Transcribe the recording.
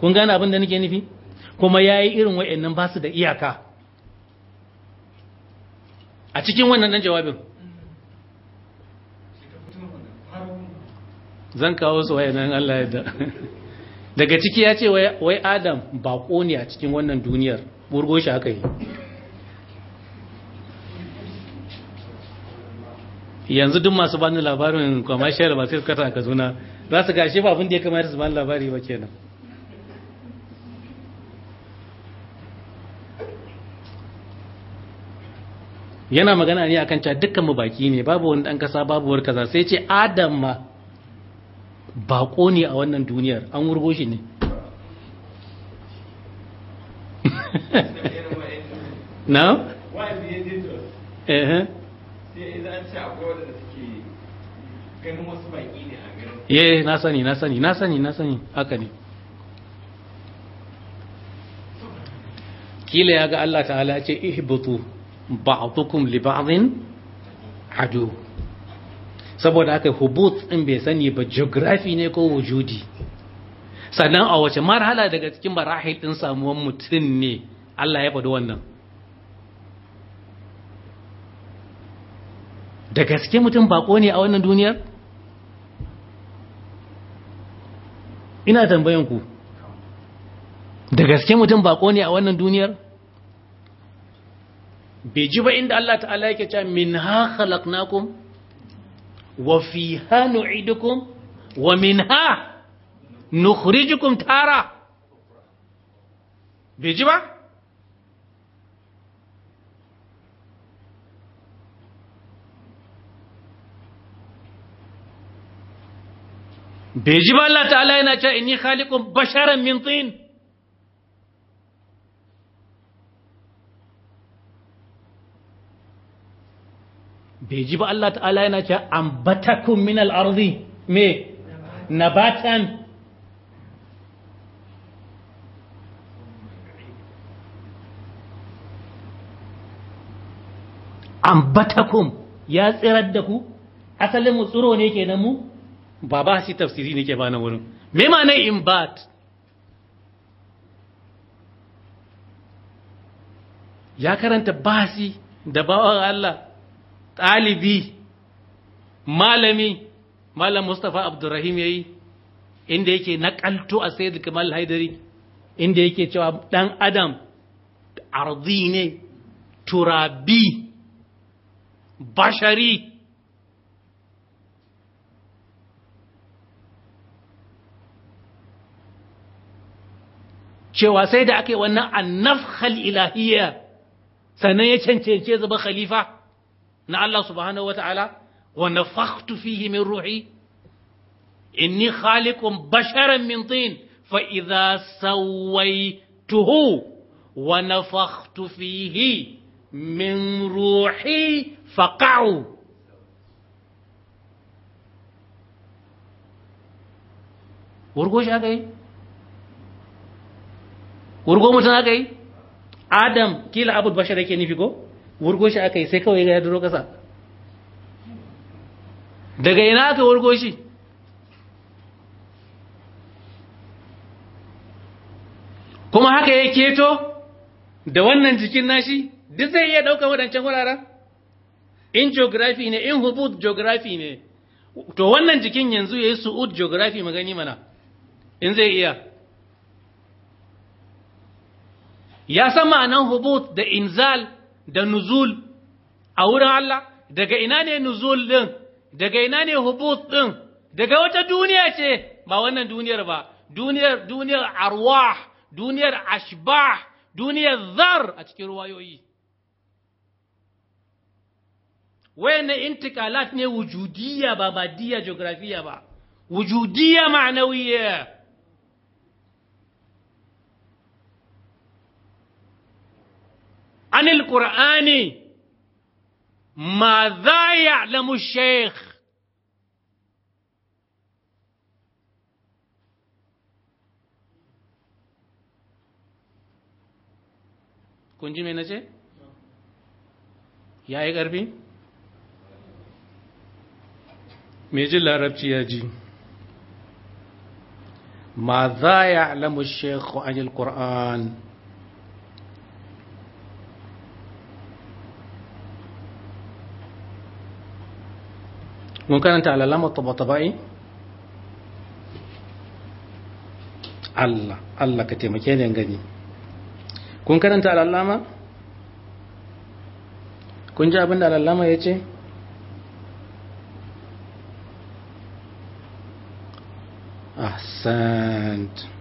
kun gane abin da nake nufi kuma ya yi irin wa'annan ba su da iyaka a cikin wannan dan jawabin zan kawo su wa'annan allah yadda daga ciki ya ce wai adam baƙo ne a cikin wannan duniyar burgo shi haka yi yanzu duk masu bani labarin kwamashiyar ba sai suka ta a za su gashi ba abin da ya kamata su bani labari ba kenan yana magana ne akan cewa dukkan mu baki ne babu wani dan kasa babu wani kaza sai ce adam ma bako ne a wannan duniyar an wurgo shi ne na? eh na sani na sani na sani na sani haka ne kila ya ga Allah ta'ala ce ihbutu ba'dukum li ba'din adu saboda haka hubut din bai sani ba geography ne ko wujudi sannan a wace marhala daga cikin marahil din samuwan mutum ne Allah ya faɗi wannan da gaske mutum bako ne a wannan duniyar ina tambayan ku da gaske mutum bako ne a wannan duniyar bai ji ba inda Allah ta'ala yake cewa min ha khalaqnakum wa fiha nu'idukum wa min ha nukhrijukum tara bai ji ba bai ji ba Allah ta'ala yana cewa inni khaliqum basharan min tin bai ji ba Allah ta'ala yana ce batakun min al me nabatan batakun ya tsirar da ku asalin mu tsiro ne nan mu ba ba shi tafsiri ne ke ba na wurin me ma ne bat? ya karanta basi da bawa Allah ɗalibi malami malam mustapha abdurrahim ya yi inda yake naƙalto a sayyid kamal haidari inda yake cewa ɗan adam arzi ne turabi bashari cewa sai da aka yi wannan annafhal ilahiyya sannan ya cancance zuba khalifa مع الله سبحانه وتعالى ونفخت فيه من روحي إني خالق بشرا من طين فإذا سويته ونفخت فيه من روحي فقعوا ورغوش أكي ورقو متن آدم كيل عبد بشر يكي نفيكو wurgo shi aka yi sai kawai ya duro ƙasa daga ina aka wurgo shi kuma haka ya keto da wannan jikin nashi duk zai iya ɗaukar waɗancan wuraren in geography ne in hubut geography ne to wannan jikin yanzu ya yi su'ud geography magani mana in zai iya ya san ma'anan hubut da inzal da nuzul a wurin Allah daga ina ne nuzul din daga ina ne hubut din daga wata duniya ce ba wannan duniyar ba duniyar duniyar arwah duniyar ashbah duniyar zar a cikin ruwayoyi wayannan intikalat ne wujudiyya ba badiyya geografiya ba wujudiyya ma'nawiyya عن القرآن ماذا يعلم الشيخ कुंजी मेहनत جي يا एक عربي ميجي العرب جي جي ماذا يعلم الشيخ عن القرآن mun karanta alalama taba-taba'i Allah Allah ka taimake ni gani kun karanta alalama kun ji abin da ya ce ahsant